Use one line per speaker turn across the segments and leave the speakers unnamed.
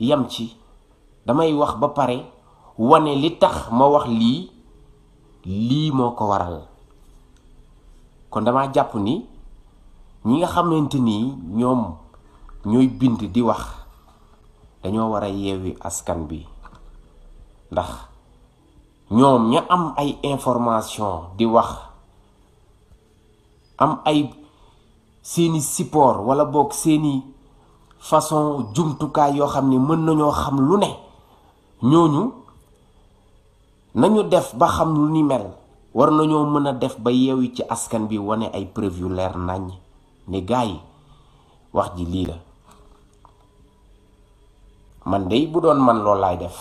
yam ci damay wax ba pare wane li tax ma wax lii lii moo ko waral kon dama jàpp ni ñi nga xamante ni ñoom ñooy bind di wax dañoo war a yeewi askan bi ndax ñoom ña am ay information di wax am ay seeni support wala boog seeni façon jumtukaay yoo xam ni mën nañoo xam lu ne ñooñu nañu def ba xam lu ni mel war nañoo mën a def ba yeewi ci askan bi wane ay preuve yu leer naññ ni gaa yi wax ji lii la man dey bu doon man loolu laay def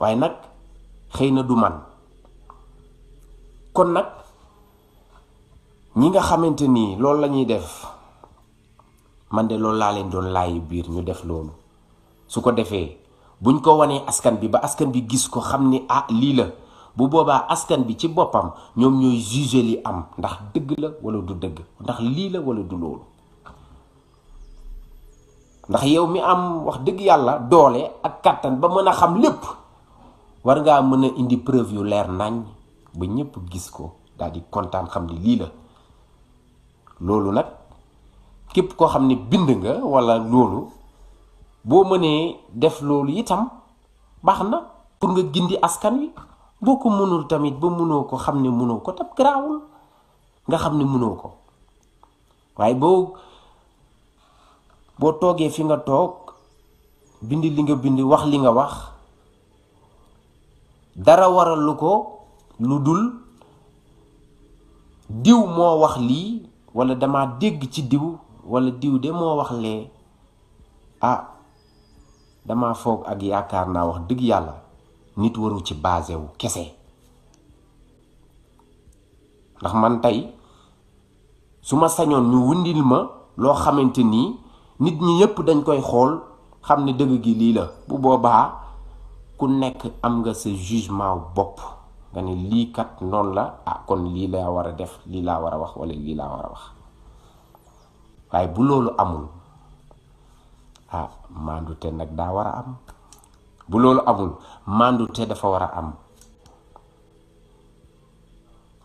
waaye nag xëy na du man kon nag ñi nga xamante nii loolu lañuy def man de loolu laa leen doon laayu biir ñu def loolu su ko defee buñ ko wanee askan bi ba askan bi gis ko xam ni ah lii la bu boobaa askan bi ci boppam ñoom ñooy juger li am ndax dëgg la walla du dëgg ndax lii la walla du loolu ndax yow mi am wax dëgg yàlla doole ak kàttan ba mën a xam lépp war ngaa mën a indi preuve yu leer nañ ba ñépp gis ko daal di kontaan xam ni lii la loolu nag képp koo xam ne bind nga walla loolu boo mënee def loolu itam baax na pour nga gindi askan wi boo ko mënul tamit ba mënoo ko xam ne mënoo ko tam garaawul nga xam ne mënoo ko waaye boo boo toogee fi nga toog bind li nga bind wax li nga wax dara waralu ko lu dul diw moo wax lii walla dama dégg ci diw wala diw de moo wax lee ah dama foog ak yaakaar naa wax dëgg yàlla nit waru ci basé wu kese ndax man tey su ma sañoon ñu wundil ma loo xamante nii nit ñi yépp dañ koy xool xam ne dëgg gi lii la bu boobaa ku nekk am nga sa jugement bopp nga ne lii kat noonu la ah kon lii laa war a def lii laa war a wax wala lii laa war a wax waaye bu loolu amul ah maandute nag daa war a am bu loolu amul maandute dafa war a am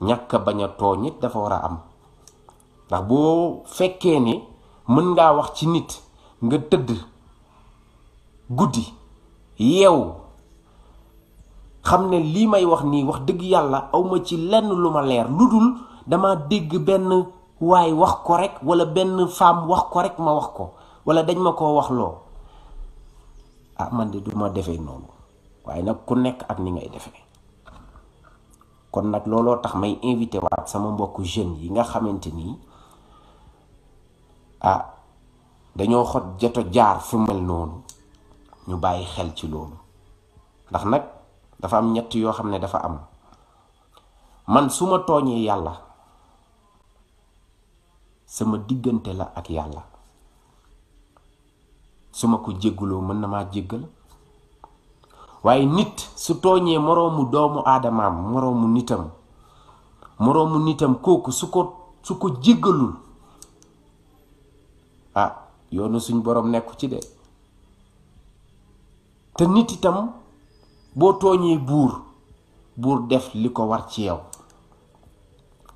ñàkk bañ a tooñ dafa war a am ndax boo fekkee ni mën ngaa wax ci nit nga tëdd guddi yeew xam ne lii may wax nii wax dëgg yàlla awma ci lenn lu ma leer lu dul dama dégg benn waaye wax ko rek wala benn femme wax ko rek ma wax ko wala dañ ma ko wax loo ah man de du ma defee noonu waaye nag ku nekk ak ni ngay defee kon nag looloo tax may invité waat sama mbokku jeunes yi nga xamante nii ah dañoo xot joto jaar fu mel noonu ñu bàyyi xel ci loolu ndax nag dafa am ñett yoo xam ne dafa am man suma ma tooñee yàlla. sama diggante la ak yàlla su ma ko jéggaloo mën na maa jéggal waaye nit su tooñee moroomu doomu aadamaam moroomu nitam moroomu nitam kooku su ko su ko jéggalul ah yoonu suñ boroom nekku ci de te nit itam boo tooñee buur buur def li ko war ci yow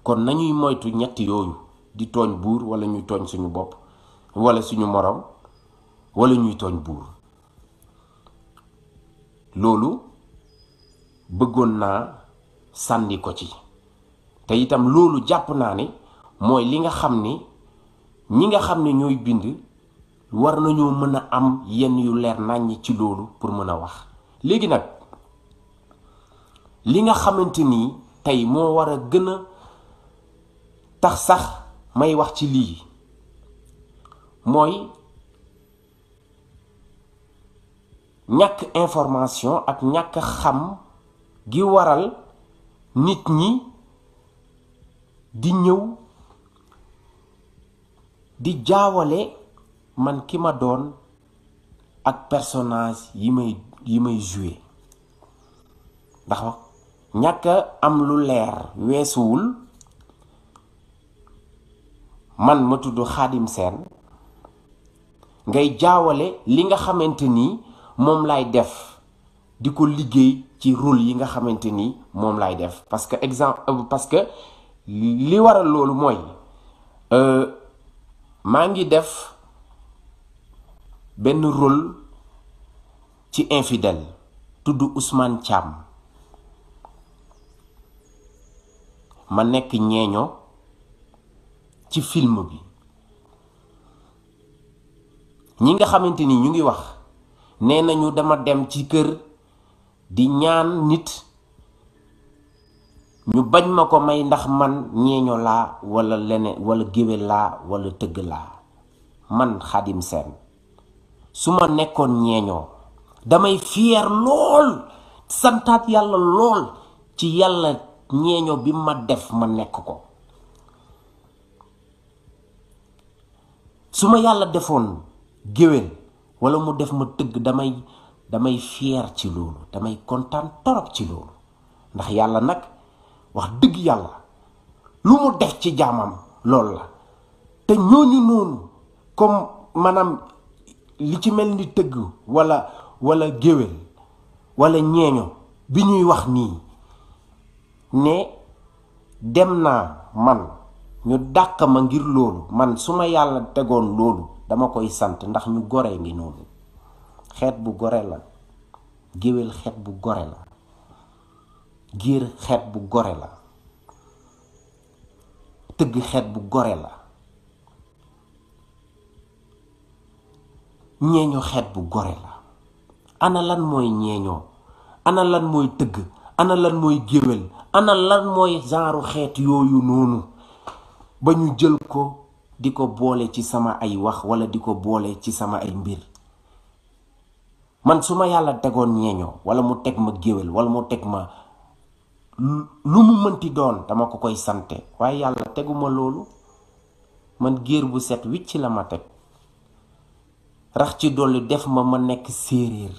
kon nañuy moytu ñett yooyu di tooñ buur wala ñuy tooñ suñu bopp walla suñu moroom wala ñuy tooñ buur loolu bëggoon naa sànni ko ci te itam loolu jàpp naa ne mooy li nga xam ni ñi nga xam ne ñooy bind war nañoo mën a am yenn yu leer nàññi ci loolu pour mën a wax léegi nag li nga xamante ni tey moo war a gën a tax sax may wax ci lii mooy ñàkk information ak ñàkk xam gi waral nit ñi di ñëw di jaawale man ki ma doon ak personnage yi may yi may joué ñàkk am lu leer weesuwul man ma tudd Xaadim Seen ngay jaawale li nga xamante ni moom laay def di ko liggéey ci rôle yi nga xamante ni moom laay def parce que exemple euh, parce que li waral loolu mooy euh, maa ngi def benn rôle ci infidèle tudd Ousmane Thiam ma nekk ñeeño ci film bi ñi nga xamante ni ñu ngi wax nee nañu dama dem ci kër di ñaan nit ñu bañ ma ko may ndax man ñeeño laa walla lene wala géwél laa walla tëgg laa man Khadim Sène su ma nekkoon ñeeñoo damay fier lool santaat yàlla lool ci yàlla ñeeño bi ma def ma nekk ko su ma yàlla defoon géwél walla mu def ma tëgg damay damay fier ci loolu damay kontaan torop ci loolu ndax yàlla nag wax dëgg yàlla lu mu def ci jaamam loolu la te ñooñu noonu comme maanaam li ci mel ni tëgg walla walla géwél wala ñeeño bi ñuy wax nii ne dem naa man ñu dàq ma ngir loolu man su ma yàlla tegoon loolu dama koy sant ndax ñu gore ngi noonu xeet bu gore la géwél xeet bu gore la giir xeet bu gore la tëgg xeet bu gore la ñeeño xeet bu gore la ana lan mooy ñeeñoo ana lan mooy tëgg ana lan mooy géwél ana lan mooy genre xeet yooyu noonu ba ñu jël ko di ko boole ci sama ay wax wala di ko boole ci sama ay mbir man suma yàlla tegoon ñeeñoo wala mu teg ma géwél wala mu teg ma lu mu mënti doon dama ko koy sante waaye yàlla teguma loolu man géer bu set wicc la ma teg rax ci dolli def ma ma nekk séeréer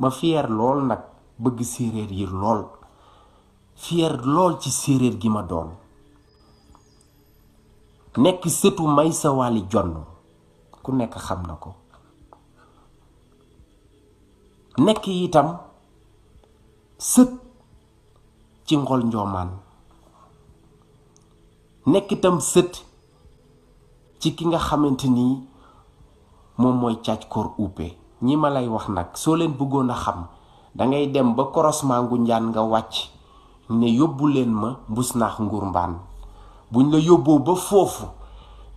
ma fier lool nag bëgg séeréer yi lool fier lool ci séeréer gi ma doon nekk sëtu may sawali Jonn ku nekk xam na ko nekk itam sët ci ngol njoomaan nekk itam sët ci ki nga xamante nii moom mooy càcc koor uppe ñi ma lay wax nag soo leen bëggoon a xam dangay dem ba korosmangu njaan nga wàcc ne yóbbu leen ma mbus naax nguur mbaan buñ la yóbboo ba foofu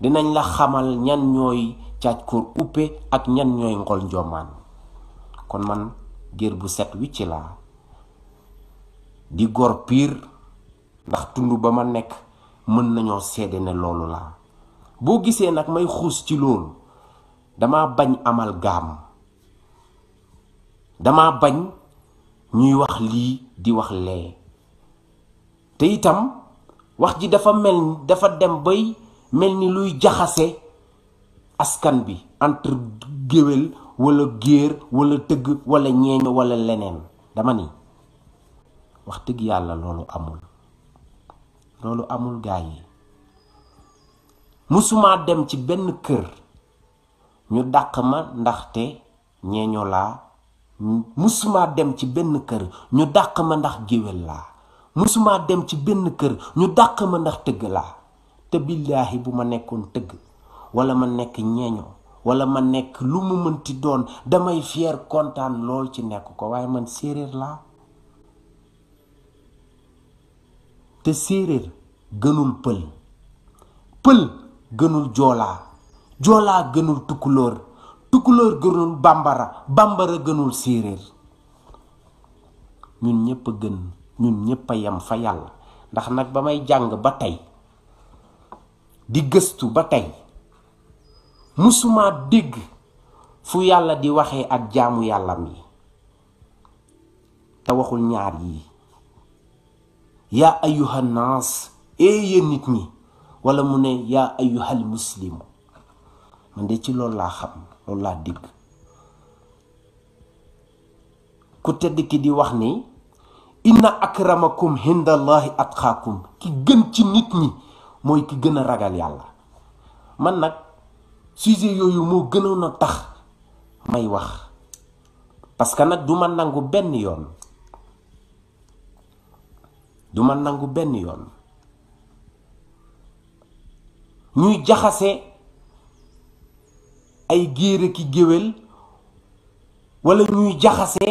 dinañ la xamal ñan ñooy càccoor uppe ak ñan ñooy ngol njoomaan kon man géer bu set wi ci laa di gor piir ndax tund ba ma nekk mën nañoo sedd ne loolu laa boo gisee nag may xuus ci loolu dama bañ amal gaam dama bañ ñuy wax lii di wax lee te itam wax ji dafa mel dafa dem bay mel ni luy jaxase askan bi entre géwél wala géer wala tëgg wala ñeeñ wala leneen dama ni wax dëgg yàlla loolu amul loolu amul gaa yi musumaa dem ci benn kër ñu dàq ma ndaxte ñeeño laa musumaa dem ci benn kër ñu dàq ma ndax géwél laa mësuma dem ci benn kër ñu dàq ma ndax tëgg laa te billaahi bu ma nekkoon tëgg walla ma nekk ñeeño wala ma nekk lu mu mënti doon damay fier kontaan lool ci nekk ko waaye man séeréer laa te séeréer gënul pël pël gënul joolaa joolaa gënul tukkulóor tukkulóor gënul bambara bambara gënul séeréer ñun ñépp a gën ñun ñëpp a yem fa yàlla ndax nag ba may jàng ba tey di gëstu ba tey musuma digg fu yàlla di waxee ak jaamu yàllam yi te waxul ñaar yii yaa ayuha naas eh yéen nit ñi wala mu ne yaa ayuhal muslim man de ci lool laa xam loolu laa dégg ku tedd ki di wax ni inna akramakum hindallahi atqaakum ki gën ci nit ñi mooy ki gën a ragal yàlla man nag sujet yooyu moo gënoon a tax may wax parce que nag du ma nangu benn yoon du ma nangu benn yoon ñuy jaxase ay géere ki géwél walla ñuy jaxase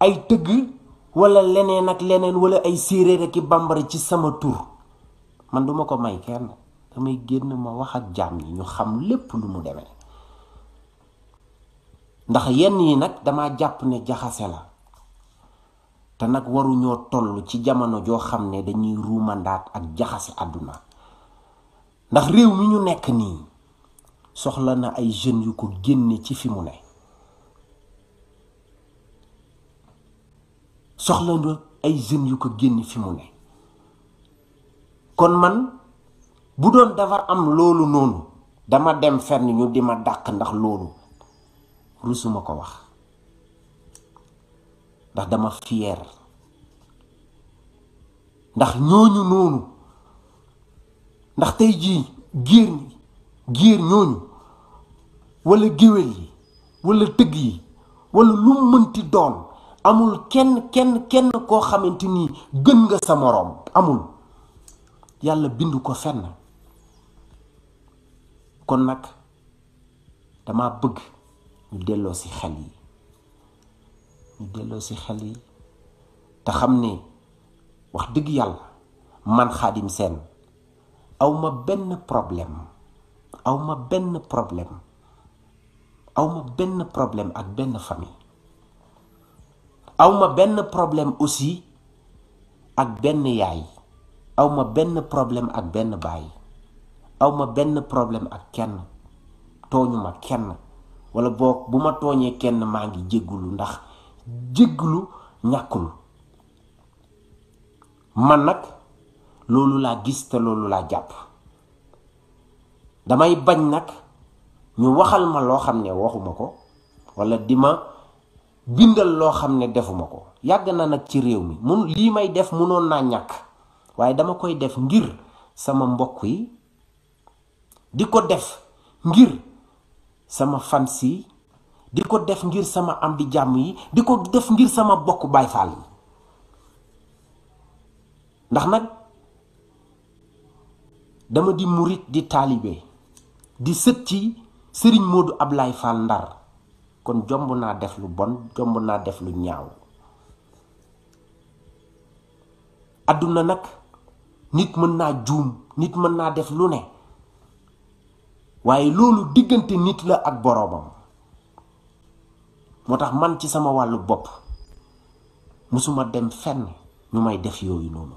ay tëgg walla leneen ak leneen wala ay séeréer ak i ci sama tur man duma ko may kenn damay génn ma wax ak jaam yi ñu xam lépp lu mu demee ndax yenn yi nag dama jàpp ne jaxase la te nag waruñoo toll ci jamono joo xam ne dañuy ruumandaat ak jaxase àdduna ndax réew mi ñu nekk nii soxla na ay jeunes yu ko génne ci fi mu ne soxla na ay jeunes yu ko génn fi mu ne kon man bu doon dafa am loolu noonu dama dem fenn ñu di ma dàq ndax loolu rusuma ko wax ndax dama fier ndax ñooñu noonu ndax tey ji géer géer ñooñu walla géwél yi walla tëgg yi walla lu mënti doon amul kenn kenn kenn koo xamante ni gën nga sa moroom amul yàlla bind ko fenn kon nag dama bëgg ñu delloo si xel yi ñu delloo ci xel yi te xam ni wax dëgg yàlla man xaadim seen awma benn awma benn problème awma benn problème ak benn famille awma benn problème aussi ak benn yaay awma benn problème ak benn baay awma benn problème ak kenn tooñuma kenn wala boo bu ma tooñee kenn maa ngi jéggulu ndax jéggulu ñàkkul man nag loolu laa gis te loolu laa jàpp damay bañ nag ñu waxal ma loo xam ne waxuma ko wala di bindal loo xam ne defuma ko yàgg na nag ci réew mi mun lii may def munoon naa ñàkk waaye dama koy def ngir sama mbokk yi di ko def ngir sama fans yi di ko def ngir sama am di jàmm yi di ko def ngir sama bokk Baay Faal yi ndax nag dama di murit di taalibe di sët ci Sëriñ Moodu Ablaay Faal Ndar kon jomb naa def lu bon jomb naa def lu ñaaw àdduna nag nit mën naa juum nit mën naa def lu ne waaye loolu diggante nit la ak boroomam moo tax man ci sama wàllu bopp musuma dem fenn ñu may def yooyu noonu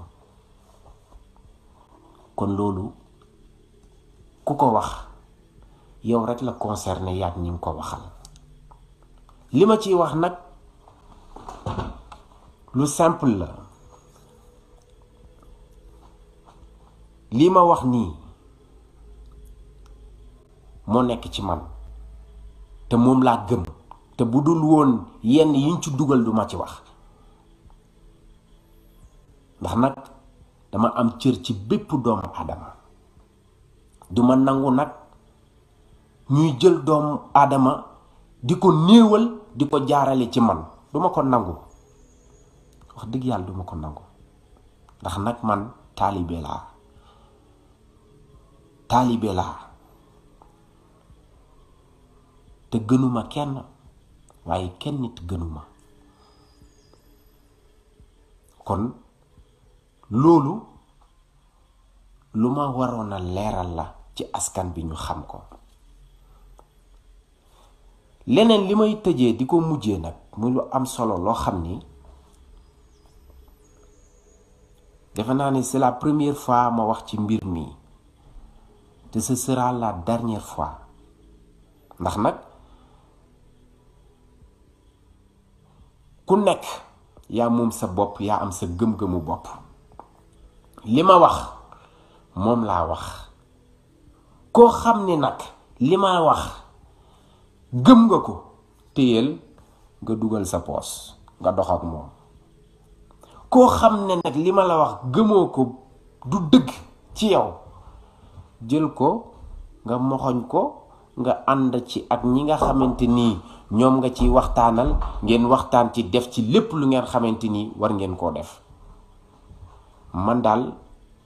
kon loolu ku ko wax yow rekk la concerné yaat ñi nga ko waxal li ma ci wax nag lu simple la lii ma wax nii moo nekk ci man te moom laa gëm te bu dul woon yenn yiñ ci dugal du ma ci wax ndax nag dama am cër ci bépp doomu aadama duma nangu nag ñuy jël doomu aadama di ko néewal di ko jaarale ci man duma ko nangu wax dëgg yàlla duma ko nangu ndax nag man taalibe laa taalibe laa te gënuma kenn waaye kenn nit gënuma kon loolu lu ma waroon a leeral la ci askan bi ñu xam ko leneen li may tëjee di ko mujjee nag muy lu am solo loo xam ni defe naa ni c'est la première fois ma wax ci mbir mi te sa sera la dernière fois ndax nag ku nekk yaa moom sa bopp yaa am sa gëm-gëmu bopp li ma wax moom laa wax koo xam ni nag li ma wax gëm nga ko téyel nga dugal sa poos nga dox ak moom koo xam ne nag li ma la wax gëmoo ko du dëgg ci yow jël ko nga moxoñ ko nga ànd ci ak ñi nga xamante nii ñoom nga ci waxtaanal ngeen waxtaan ci def ci lépp lu ngeen xamante nii war ngeen koo def man daal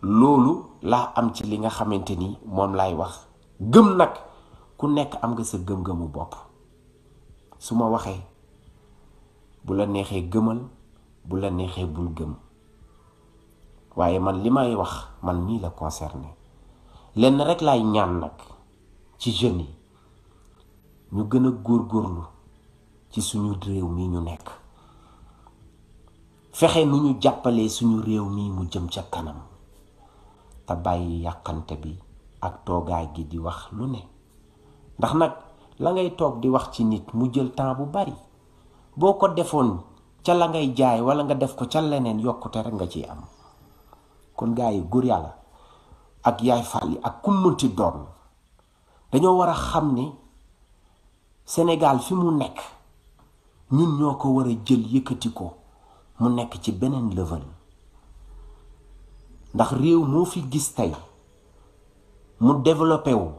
loolu laa am ci li nga xamante ni moom laay wax gëm nag ku nekk am nga sa gëm-gëmu bopp su ma waxee bu la neexee gëmal bu la neexee bul gëm waaye man li may wax man mii la conserné lenn rek laay ñaan nag ci jeunes yi ñu gën a góorlu ci suñu réew mi ñu nekk fexe nu ñu jàppale suñu réew mii mu jëm ca kanam te bàyyi yàqante bi ak toogaay gi di wax lu ne ndax nag la ngay toog di wax ci nit mu jël temps bu bari boo ko defoon ca la ngay jaay wala nga def ko ca leneen yokkute rek nga ciy am kon gaa yi góor yàlla ak yaay fàll yi ak ku mënti doon dañoo war a xam ni Sénégal fi mu nekk ñun ñoo ko war a jël yëkkati ko mu nekk ci beneen level ndax réew moo fi gis tey mu développé wu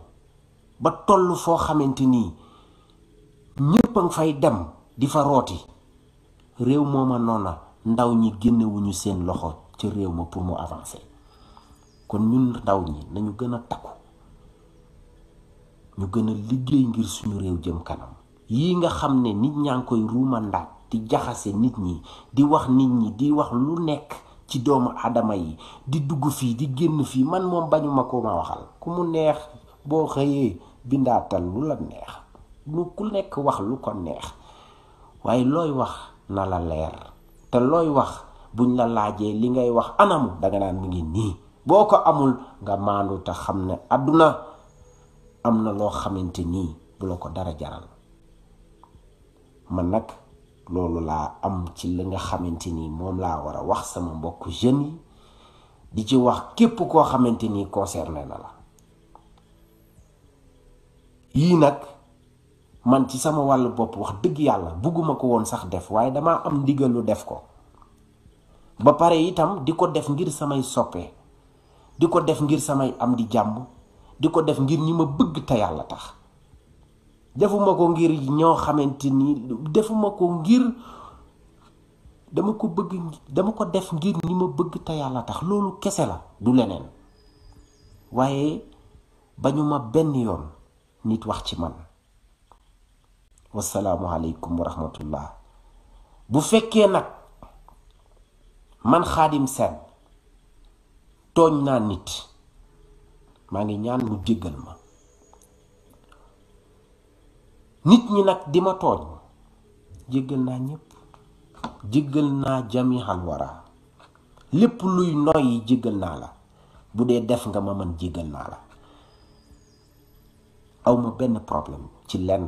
ba toll foo xamante nii ñëpp a ngi fay dem di fa rooti réew mooma noona ndaw ñi génnewuñu seen loxo ca réew ma pour mu avancer kon ñun ndaw ñi nañu gën a takku ñu gën a liggéey ngir suñu réew jëm kanam yi nga xam ne nit ñaa ngi koy ruumandaat di jaxase nit ñi di wax nit ñi di wax lu nekk ci doomu aadama yi di dugg fii di génn fii man moom bañu ma ko ma waxal ku mu neex boo xëyee bindaatal lu la neex lu ku nekk wax lu ko neex waaye looy wax na la leer te looy wax buñ la laajee li ngay wax anamu danga naan mi ngi nii boo ko amul nga maandu te xam ne àdduna am na loo xamante nii bu la ko dara jaral man nag loolu laa am ci li nga xamante nii moom laa war a wax sama mbokk jeunes yi di ci wax képp koo xamante nii concerné na la yii nag man ci sama wàll bopp wax dëgg yàlla bugguma ko woon sax def waaye damaa am ndigalu def ko ba pare itam di ko def ngir samay soppe di ko def ngir samay am di jàmm di ko def ngir ñi ma bëgg te yàlla tax defuma ko ngir ñoo xamante ni defuma ko ngir dama ko ko def ngir ñi ma bëgg te tax loolu kese la du leneen waaye bañuma benn yoon nit wax ci man wasalaamualeykum wa rahmatullah bu fekkee nag man xaadim seen tooñ naa nit maa ngi ñaan mu jéggal ma nit ñi nag di ma tooñ jéggal naa ñépp jéggal naa jamihan wara lépp luy yi jéggal naa la bu dee def nga ma man jéggal naa la awma benn problème ci lenn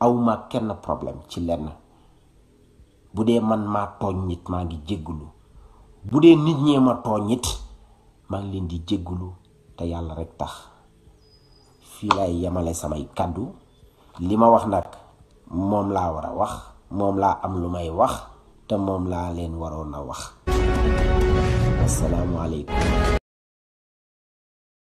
awma kenn problème ci lenn bu dee man maa tooñ nit maa ngi jéggulu bu dee nit ñee ma tooñ it maa ngi leen di jéggulu te yàlla rekk tax fii laay yemale samay kàddu li ma wax nag moom laa war a wax moom laa am lu may wax te moom laa leen waroon a wax asalaamualeykum